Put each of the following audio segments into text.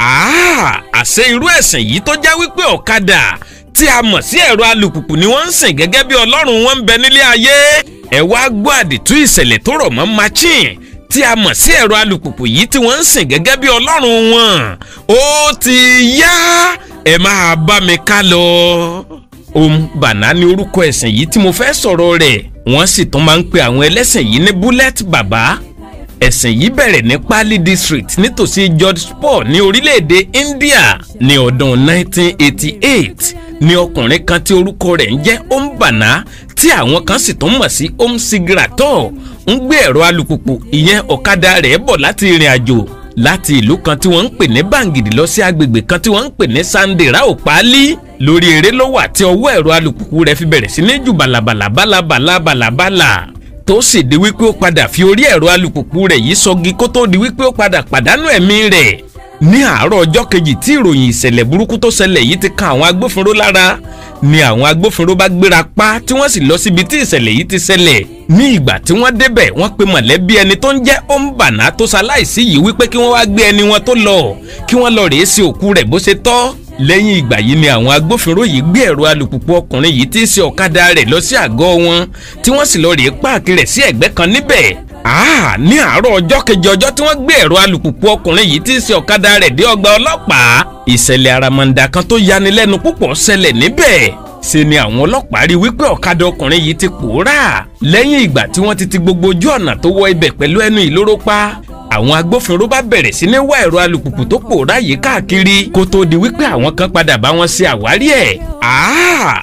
Ah, àṣẹ irú ẹ̀sìn yìí tó já wípé ọ̀kadà tí a mọ̀ sí ẹ̀rọ alùpùpù ni wọ́n ń sìn gẹ́gẹ́ bí ọlọ́run wọn ń bẹ nílé ayé ẹ wá gbọ́ àdìtú ìṣẹ̀lẹ̀ tó rọ̀ mọ́ machine tí a mọ̀ sí ẹ̀rọ alùpùpù yìí tí wọ́n ń sìn gẹ́gẹ́ bí ọlọ́run wọn ó ti yá ẹ máa bá mi ká lọ. Om Bana ni orúkọ ẹ̀sìn yìí tí mo fẹ́ sọ̀rọ̀ rẹ̀ wọ́n sì tún máa ń pe àwọn ẹlẹ́sìn yìí ní bullet baba ẹ̀sìn yìí bẹ̀rẹ̀ ní Pali district nítòsí Jodhpur ní orílẹ̀-èdè India ní ọdún 1988 ní ọkùnrin kan tí orúkọ rẹ̀ ń jẹ́ Ombana tí àwọn kan sì tún mọ̀ sí omsigrator ń gbé ẹ̀rọ alùpùpù ìyẹn ọ̀kadà rẹ̀ bọ̀ láti ìrìn àjò láti ìlú kan tí wọ́n ń pè ní Bangidi lọ sí agbègbè kan tí wọ́n ń pè ní Sandera Opali lórí eré ló wà tí ọwọ́ ẹ̀rọ alùpùpù rẹ̀ fi bẹ̀rẹ̀ sí ní jù bàlàbàlà bàlàbàlà bàlàbàlà tó sì di wípé ó padà fi orí ẹ̀rọ alùpùpù rẹ̀ yìí sọgi kó tó di wípé ó padà pàdánù ẹ̀mí rẹ̀ ní àárọ̀ ọjọ́ kejì tí ìròyìn ìṣẹ̀lẹ̀ burúkú tó ṣẹlẹ̀ yìí ti kan àwọn agbófinró lára ni àwọn agbófinró bá gbéra pa tí wọ́n sì lọ síbi tí ìṣẹ̀lẹ̀ yìí ti ṣẹlẹ̀ ní ìgbà tí wọ́n débẹ̀ wọ́n pe mọ̀lẹ́bí ẹni tó ń jẹ́ Ombana tó ṣaláìsí yìí wípé kí wọ́n wá gbé ẹni wọn tó lọ kí wọ́n lọ rèé sí òkú rẹ̀ bó ṣe tọ́ lẹ́yìn ìgbà yìí ni àwọn agbófinró yìí gbé ẹ̀rọ alùpùpù ọkùnrin yìí tí í ṣe ọ̀kadà rẹ̀ lọ sí àgọ́ wọn tí wọ́n sì lọ rèé páàkì rẹ̀ sí ẹ̀gbẹ́ kan níbẹ̀ Ah, ní àárọ̀ ọjọ́ kejì ọjọ́ tí wọ́n gbé ẹ̀rọ alùpùpù ọkùnrin yìí tí í ṣe ọ̀kadà rẹ̀ dé ọgbà ọlọ́pàá ìṣẹ̀lẹ̀ àràmọ̀ǹdà kan tó yanilẹ́nu púpọ̀ ṣẹlẹ̀ níbẹ̀ ṣe ni àwọn ọlọ́pàá rí wípé ọ̀kadà ọkùnrin yìí ti pòórá lẹ́yìn ìgbà tí wọ́n ti ti gbogbo ojú ọ̀nà tó wọ ibẹ̀ pẹ̀lú ẹnu ìlóró pa àwọn agbófinró bá bẹ̀rẹ̀ sí ní wá ẹ̀rọ alùpùpù tó pòórá yìí káàkiri kó tó di wípé àwọn kan padà bá wọn ṣe àwárí ẹ̀.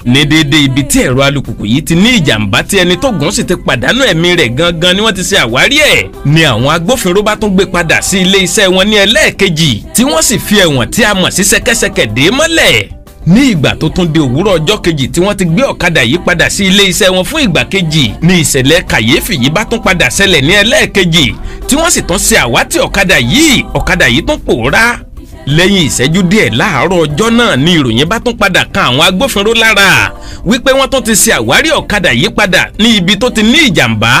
ní déédéé ibi tí ẹ̀rọ alùpùpù yìí ti ní ìjàmbá tí ẹni tó gùn sì ti pàdánù ẹ̀mí rẹ̀ gangan ni wọ́n ti ṣe àwárí ẹ̀. ni àwọn agbófinró bá tún gbé padà sí ilé iṣẹ́ wọn ní ẹlẹ́ẹ̀kejì tí wọ́n sì fi ẹ̀wọ̀n tí a mọ̀ sí ṣẹ̀kẹ̀ṣẹ̀kẹ̀ dè mọ́lẹ̀ ní ìgbà tó tún di òwúrọ̀ ọjọ́ kejì tí wọ́n ti gbé ọ̀kadà yìí padà sí ilé iṣẹ́ wọn fún ìgbà kejì ni ìṣẹ̀lẹ̀ kàyéfì yìí bá tún padà ṣẹlẹ̀ ní ẹlẹ́ẹ̀kejì tí wọ́n sì tún ṣe àwátì ọ̀kadà yìí ọ̀kadà yìí tún pòórá lẹ́yìn ìṣẹ́jú díẹ̀ láàárọ̀ ọjọ́ náà ni ìròyìn bá tún padà kan àwọn agbófinró lára wípé wọ́n tún ti ṣe àwárí ọ̀kadà yìí padà ní ibi tó ti ní ìjàmbá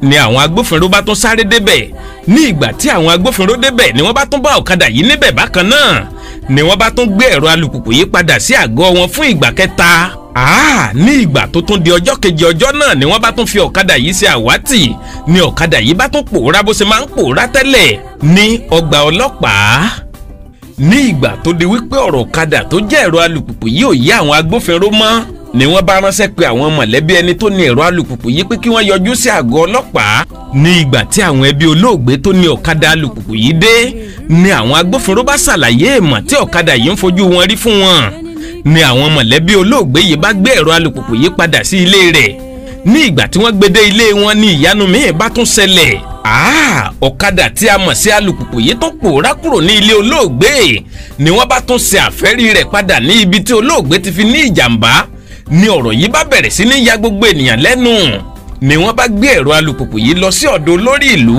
ni àwọn agbófinró bá tún sáré débẹ̀ ní ìgbà tí àwọn agbófinró débẹ̀ ni wọ́n bá tún bá ọ̀kadà yìí níbẹ̀ bákan náà ni wọ́n bá tún gbé ẹ̀rọ alùpùpù yìí padà sí àgọ́ wọn fún ìgbà kẹta. Ah, ní ìgbà tó tún di ọjọ́ kejì ọjọ́ náà ni wọ́n bá tún fi ọ̀kadà yìí ṣe àwátì ni ọ̀kadà yìí bá tún pòórá bó ṣe máa ń pòórá tẹ́lẹ̀ ní ọgbà ọlọ́pàá ní ìgbà tó di wípé ọ̀rọ̀ ọ̀kadà tó jẹ́ ẹ̀rọ alùpùpù yìí ò yé àwọn agbófinró mọ́ ni wọ́n bá ránṣẹ́ pé àwọn mọ̀lẹ́bí ẹni tó ní ẹ̀rọ alùpùpù yìí pé kí wọ́n yọjú sí àgọ́ ọlọ́pàá ní ìgbà tí àwọn ẹbí olóògbé tó ní ọ̀kadà alùpùpù yìí dé ni àwọn agbófinró bá ṣàlàyé ìmọ̀ tí ọ̀kadà yìí ń fojú wọn rí fún wọn ni àwọn mọ̀lẹ́bí olóògbé yìí bá gbé ẹ̀rọ alùpùpù yìí padà sí ilé rẹ̀ ní ìgbà tí wọ́n gbé ilé wọn ni ìyanu míì bá tún ṣẹlẹ̀ ọ̀kadà tí a mọ̀ sí alùpùpù yìí tó pòórá kúrò ní ilé olóògbé ni wọ́n bá tún ṣe àfẹ́rí rẹ̀ padà ní ibi tí olóògbé ti fi ní ìjàmbá ni ọ̀rọ̀ yìí bá bẹ̀rẹ̀ sí ní ya gbogbo ènìyàn lẹ́nu ni wọ́n bá gbé ẹ̀rọ alùpùpù yìí lọ sí ọ̀dọ̀ olórí ìlú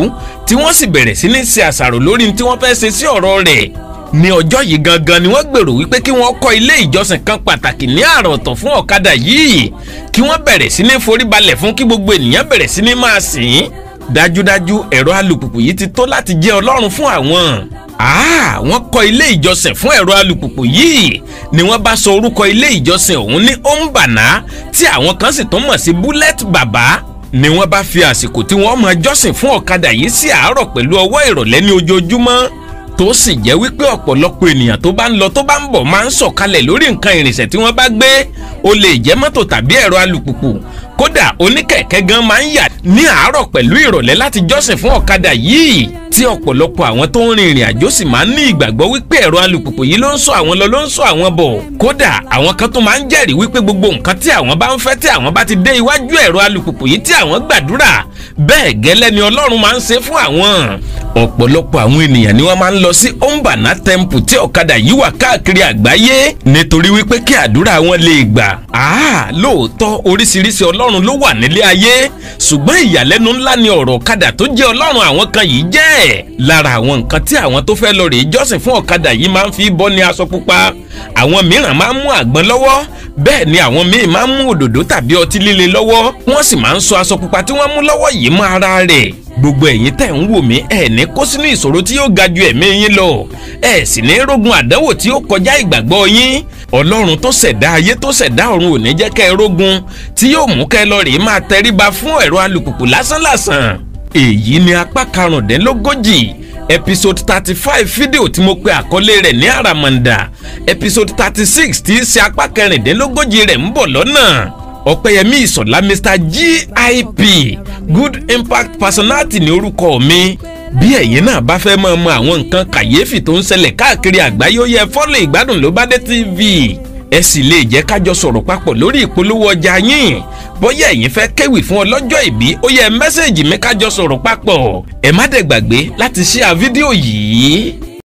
tí wọ́n sì bẹ̀rẹ̀ sí ní ṣe àṣàrò lórí tí wọ́n fẹ́ ṣe sí ọ̀rọ̀ rẹ̀ ní ọjọ́ yìí gangan ni wọ́n gbèrò wípé kí wọ́n kọ́ ilé ìjọsìn kan pàtàkì ní àrọ̀tọ̀ fún ọ̀kadà yìí kí wọ́n bẹ̀rẹ̀ sí ní foríbalẹ̀ fún kí gbogbo ènìyàn bẹ̀rẹ̀ sí ní máa sìn dájúdájú ẹ̀rọ alùpùpù yìí ti tó láti jẹ́ ọlọ́run fún àwọn. Ah, wọ́n kọ́ ilé ìjọsìn fún ẹ̀rọ alùpùpù yìí ni wọ́n bá sọ orúkọ ilé ìjọsìn ọ̀hún ní ombana tí àwọn kan sì tún mọ̀ sí bullet baba ni wọ́n bá fi àsìkò tí wọ́n máa jọ́sìn fún ọ̀kadà yìí sí àárọ̀ pẹ̀lú ọwọ́ ìrọ̀lẹ́ ní ojoojúmọ́ tó sì jẹ́ wípé ọ̀pọ̀lọpọ̀ ènìyàn tó bá ń lọ tó bá ń bọ̀ máa ń sọ̀kalẹ̀ lórí nǹkan ìrìnsẹ̀ tí wọ́n bá gbé ó lè jẹ́ mọ́tò tàbí ẹ̀rọ alùpùpù kódà oníkẹ̀kẹ́ gan máa ń yà ní àárọ̀ pẹ̀lú ìrọ̀lẹ́ láti jọ́sìn fún ọ̀kadà yìí tí ọ̀pọ̀lọpọ̀ àwọn tó ń rin ìrìn àjò sì máa ń ní ìgbàgbọ́ wípé ẹ̀rọ alùpùpù yìí ló ń sọ àwọn lọ ló ń sọ àwọn bọ̀ kódà àwọn kan tó máa ń jẹ́rìí wípé gbogbo nǹkan tí àwọn bá ń fẹ́ tí àwọn bá ti dé iwájú ẹ̀rọ alùpùpù yìí tí àwọn gbàdúrà bẹ́ẹ̀ gẹ́lẹ́ ni Ọlọ́run máa ń ṣe fún àwọn ọ̀pọ̀lọpọ̀ àwọn ènìyàn ni wọ́n máa ń lọ sí ombana temple tí ọ̀kadà yìí wà káàkiri àgbáyé nítorí wípé kí àdúrà wọn lè gbà. àá lóòótọ́ oríṣiríṣi ọlọ́run ló wà nílé ayé ṣùgbọ́n ìyàlẹ́nu ńlá ni ọ̀rọ̀ ọ̀kadà tó jẹ́ ọlọ́run àwọn kan yìí jẹ́. lára àwọn nǹkan tí àwọn tó fẹ́ lọ rèé jọ́sìn fún ọ̀kadà yìí máa ń fi bọ́ ní aṣọ pupa àwọn mìíràn máa ń mú àgbọn lọ́wọ́ bẹ́ẹ̀ ni àwọn míì máa ń mú òdòdó tàbí ọtí líle lọ́wọ́ wọ́n sì máa ń sọ aṣọ pupa tí wọ́n mú lọ́wọ́ yìí mọ́ ara rẹ̀ gbogbo ẹ̀yin tẹ̀ ń wò mí ẹ̀ ní kó sínú ìṣòro tí yóò ga ju ẹ̀mí yín lọ ẹ̀ sì ní rógun àdánwò tí ó kọjá ìgbàgbọ́ yín ọlọ́run tó ṣẹ̀dá ayé tó ṣẹ̀dá ọ̀run ò ní jẹ́ kẹ́ ẹ rógun tí yóò mú kẹ́ ẹ lọ rèé máa tẹríba fún ẹ̀rọ alùpùpù lásánlàsàn èyí ni apá karùndínlógójì episode thirty five fídíò tí mo pe àkọlé rẹ̀ ní àràmàǹdà episode thirty six tí í ṣe apá kẹrìndínlógójì rẹ̀ ń bọ̀ lọ́nà ọ̀pẹ̀yẹmí ìsọ̀lá mr gip good impact personality ní orúkọ mi bí ẹ̀yin náà bá fẹ́ máa mọ àwọn nǹkan kàyéfì tó ń ṣẹlẹ̀ káàkiri àgbáyé ó yẹ fọ́lọ̀ ìgbádùn ló bá dé tv ẹ sì lè jẹ́ kájọ sọ̀rọ̀ papọ̀ lórí ìpolówó ọjà yín bóyá ẹ̀yin fẹ́ kéwì fún ọlọ́jọ́ ìbí ó yẹ mẹ́sẹ̀gì mi kájọ sọ̀rọ̀ papọ̀ ẹ má dẹ̀ gbàgbé láti ṣíà fídíò yìí